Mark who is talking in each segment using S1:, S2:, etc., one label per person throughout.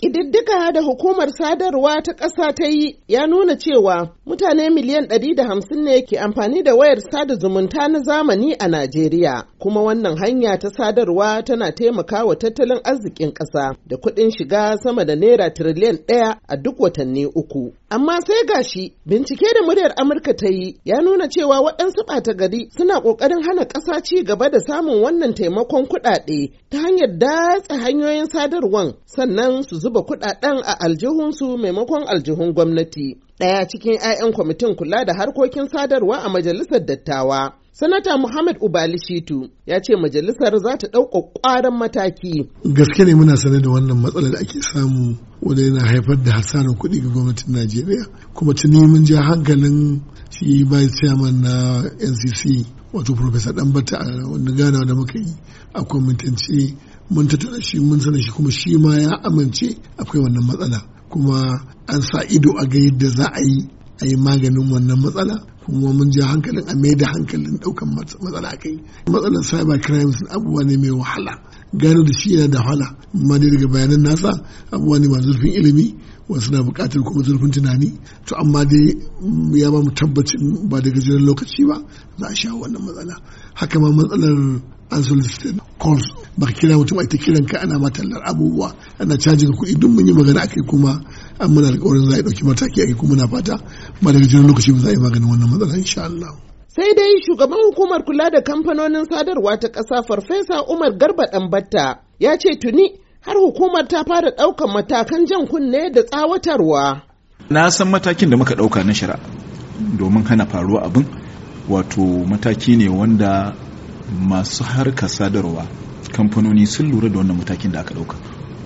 S1: Ƙididdiga da hukumar sadarwa ta ƙasa ta yi ya nuna cewa mutane miliyan ɗari da hamsin ne ke amfani da wayar sada zumunta na zamani a Najeriya. Kuma wannan hanya ta sadarwa tana taimakawa tattalin arzikin ƙasa da kuɗin shiga sama da naira tiriliyan ɗaya a duk watanni uku. Amma sai ga shi, bincike da muryar Amurka ta yi ya nuna cewa waɗansu ɓata gari suna ƙoƙarin hana ƙasa ci gaba da samun wannan taimakon kuɗaɗe ta hanyar datse hanyoyin sadarwan sannan su zuba kuɗaɗen a aljihunsu maimakon aljihun gwamnati. Ɗaya cikin 'ya'yan kwamitin kula da harkokin sadarwa a majalisar dattawa, Sanata Muhammad Ubali Shitu ya ce majalisar za ta ɗauka ƙwaran mataki.
S2: Gaske ne muna sane da wannan matsalar da ake samu wanda yana haifar da hasarar kuɗi ga gwamnatin Najeriya. Kuma tuni mun ja hankalin shi bai chairman na NCC wato Professor Ɗanbata a wani gana da muka yi a kwamintance mun tattara shi mun sana shi kuma shi ma ya amince akwai wannan matsala. kuma an sa ido a ga yadda za a yi a yi maganin wannan matsala kuma mun ja hankalin a mai da hankalin daukan matsala kai matsalar cyber crimes abubuwa ne mai wahala gano da shi yana da wahala amma dai daga bayanan nasa abubuwa ne masu zurfin ilimi wasu na buƙatar kuma zurfin tunani to amma dai mm, ya ba mu tabbacin ba daga jiran lokaci ba za a sha wannan matsala haka ma matsalar unsolicited calls ba ka kira mutum a ta kiran ka ana matallar abubuwa ana cajin kuɗi duk mun yi magana akai kuma an muna alƙawarin za a ɗauki mataki akai kuma muna fata ba daga jiran lokaci ba za a yi magana wannan matsala insha Allah.
S1: sai dai shugaban hukumar kula da kamfanonin sadarwa ta ƙasa farfesa umar garba ɗanbatta ya ce tuni har hukumar ta fara ɗaukan matakan jan kunne da tsawatarwa
S3: na san matakin da muka ɗauka na shari'a domin hana faruwa abin wato mataki ne wanda masu harka sadarwa kamfanoni sun lura da wannan matakin da aka ɗauka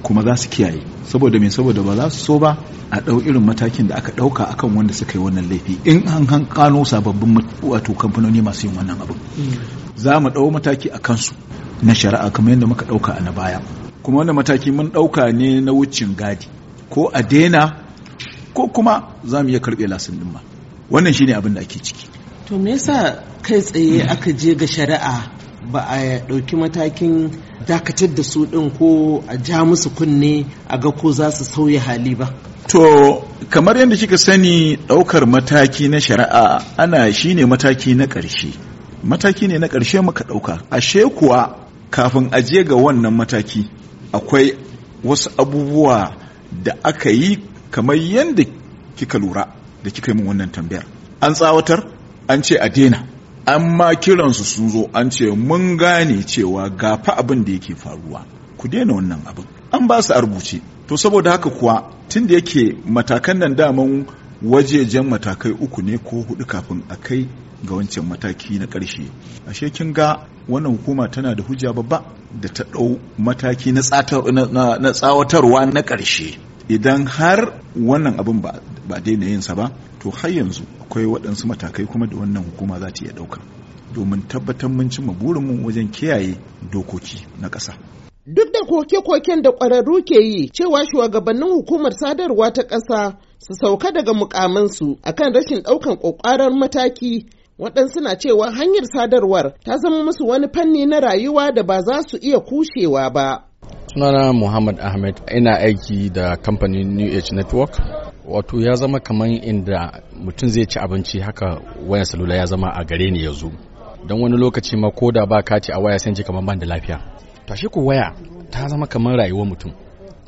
S3: kuma za su kiyaye saboda mai saboda ba za su so ba a dau irin matakin da aka ɗauka akan wanda suka yi wannan laifi in an hankano sababbin wato kamfanoni masu yin wannan abin hmm. za mu ɗau mataki a kansu na shari'a kamar yadda muka ɗauka a na baya kuma wannan mataki mun ɗauka ne na wucin gadi ko a daina ko kuma za mu iya karɓe lasin ɗin ma wannan shine abin da ake ciki
S1: to me yasa kai tsaye aka je ga shari'a ba a ɗauki matakin dakatar da su ɗin ko a ja musu kunne a ga ko za su sauya hali ba.
S3: To, kamar yadda kika sani ɗaukar mataki na shari'a ana shi ne mataki na ƙarshe. Mataki ne na ƙarshe muka ɗauka. Ashe kuwa kafin aje ga wannan mataki akwai wasu abubuwa da aka yi kamar yadda kika lura da kika yi min wannan tambayar. An tsawatar, an ce a daina. an ma kiransu sun zo an ce mun gane cewa gafa abin da yake faruwa ku daina wannan abin an ba su a rubuce to saboda haka kuwa tun da yake matakan nan daman wajejen matakai uku ne ko hudu kafin a kai ga wancan mataki na ƙarshe ashe kin ga wannan hukuma tana da hujja babba da ta ɗau mataki na tsawatarwa na ƙarshe idan har wannan abin ba ba daina yinsa ba to har yanzu akwai waɗansu matakai kuma da wannan hukuma za ta iya ɗauka domin tabbatar mun cimma burinmu wajen kiyaye dokoki na ƙasa
S1: duk da koke-koken da ƙwararru ke yi cewa shugabannin hukumar sadarwa ta ƙasa su sauka daga mukamansu akan rashin ɗaukan ƙwaƙwarar mataki waɗansu na cewa hanyar sadarwar ta zama musu wani fanni na rayuwa da ba za su iya kushewa ba
S3: sunana muhammad ahmed ina aiki da kamfanin new age network wato ya zama kamar inda mutum zai ci abinci haka wayan salula ya zama a gare ni yanzu don wani lokaci ma ko da ba ka a waya sai ji kamar ban da lafiya to ko waya ta zama kamar rayuwar mutum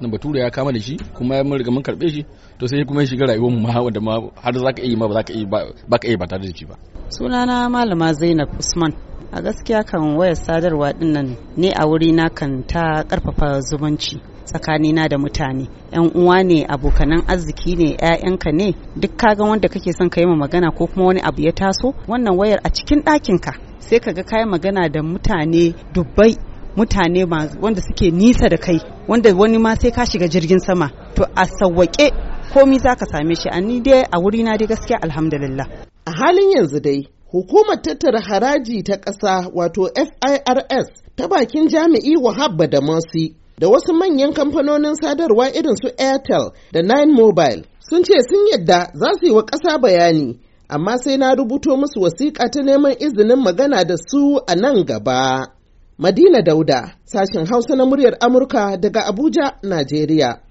S3: na bature ya kama da shi kuma ya riga mun karbe shi to sai kuma ya shiga rayuwar mu ma wanda ma har zaka iya ma ba zaka iya ba ka iya ba tare da shi ba
S1: sunana malama Zainab Usman a gaskiya kan wayar sadarwa dinnan ne a wuri na kan ta karfafa zumunci tsakanina da mutane yan uwa ne abokanan arziki ne ƴaƴanka ne duk kaga wanda kake son ka yi magana ko kuma wani abu ya taso wannan wayar a cikin ɗakin ka sai kaga ka yi magana da mutane dubbai mutane wanda suke nisa da kai wanda wani ma sai ka shiga jirgin sama to a sawwake komi za ka same shi a ni dai a na dai gaskiya alhamdulillah a halin yanzu dai hukumar tattara haraji ta ƙasa wato firs ta bakin jami'i wahab da mosi. da wasu manyan kamfanonin sadarwa irin su Airtel da Nine Mobile sun ce sun yadda za su yi wa ƙasa bayani, amma sai na rubuto musu wasiƙa ta neman izinin magana da su a nan gaba. Madina Dauda, sashen Hausa na muryar Amurka daga Abuja, Najeriya.